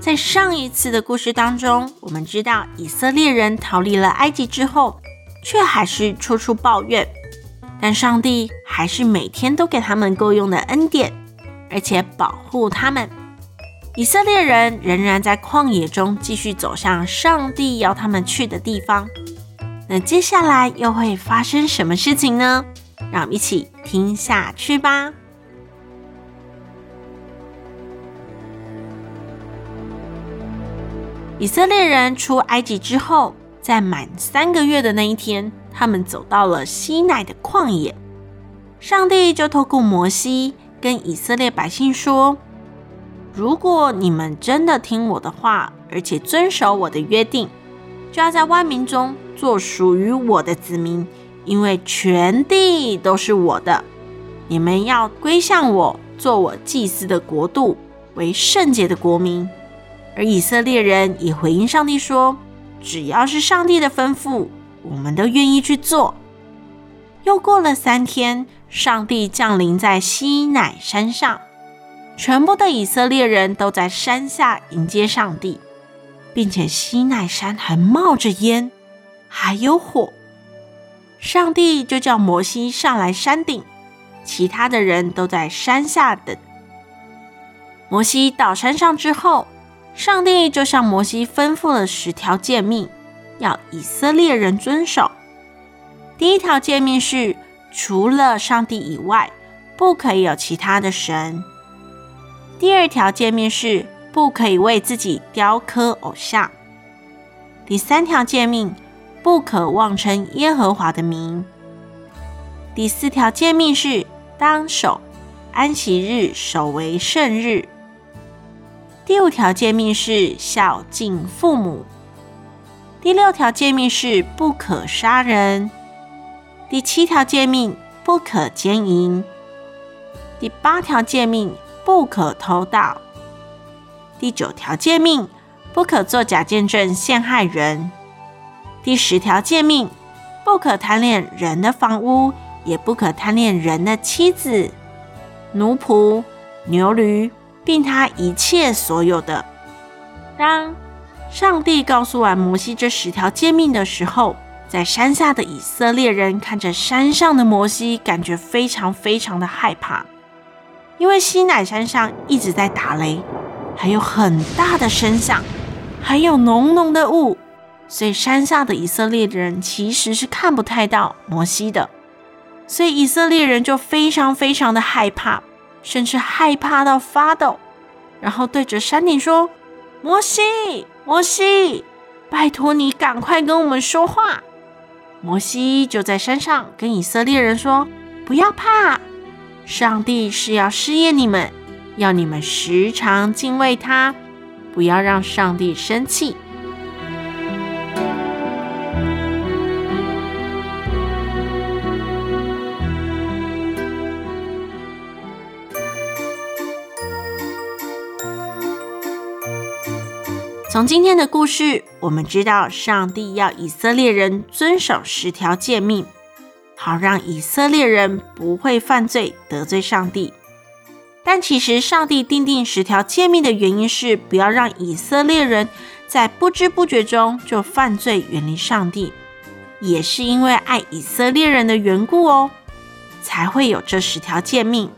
在上一次的故事當中，我們知道以色列人逃離了埃及之後，卻還是處處抱怨。但上帝還是每天都給他們夠用的恩典，而且保護他們。以色列人仍然在曠野中繼續走向上帝要他們去的地方。那接下來又會發生什麼事情呢？讓我們一起聽下去吧。以色列人出埃及之後，在滿三個月的那一天，他們走到了西奈的曠野。上帝就透過摩西跟以色列百姓說：“如果你們真的聽我的話，而且遵守我的約定，就要在萬民中做屬於我的子民，因為全地都是我的。你們要歸向我，做我祭司的國度，為聖潔的國民。”而以色列人也回應上帝說：“只要是上帝的吩咐，我們都願意去做。”又過了三天，上帝降臨在西奈山上，全部的以色列人都在山下迎接上帝，並且西奈山還冒着煙，還有火。上帝就叫摩西上來山頂，其他的人都在山下等。摩西到山上之後。上帝就向摩西吩咐了十條誡命，要以色列人遵守。第一條誡命是：除了上帝以外，不可以有其他的神。第二條誡命是：不可以為自己雕刻偶像。第三條誡命：不可妄稱耶和華的名。第四條誡命是：當守安息日，守為聖日。第五條誡命是孝敬父母。第六條誡命是不可殺人。第七條誡命不可奸淫。第八條誡命不可偷盜。第九條誡命不可作假見證陷害人。第十條誡命不可貪戀人的房屋，也不可貪戀人的妻子、奴僕、牛驢。並他一切所有的。當上帝告訴完摩西這十條誡命的時候，在山下的以色列人看着山上的摩西，感覺非常非常的害怕，因為西乃山上一直在打雷，還有很大的聲響，還有濃濃的霧，所以山下的以色列人其實是看不太到摩西的，所以以色列人就非常非常的害怕。甚至害怕到發抖，然後對着山頂說：“摩西，摩西，拜託你趕快跟我們說話。”摩西就在山上跟以色列人說：“不要怕，上帝是要試驗你們，要你們時常敬畏他，不要讓上帝生氣。”從今天的故事，我們知道上帝要以色列人遵守十條誡命，好讓以色列人不會犯罪得罪上帝。但其實，上帝訂定十條誡命的原因是不要讓以色列人在不知不覺中就犯罪遠離上帝，也是因為愛以色列人的緣故哦，才會有這十條誡命。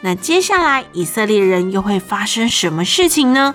那接下來，以色列人又會發生什麼事情呢？